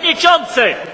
przewodniczący!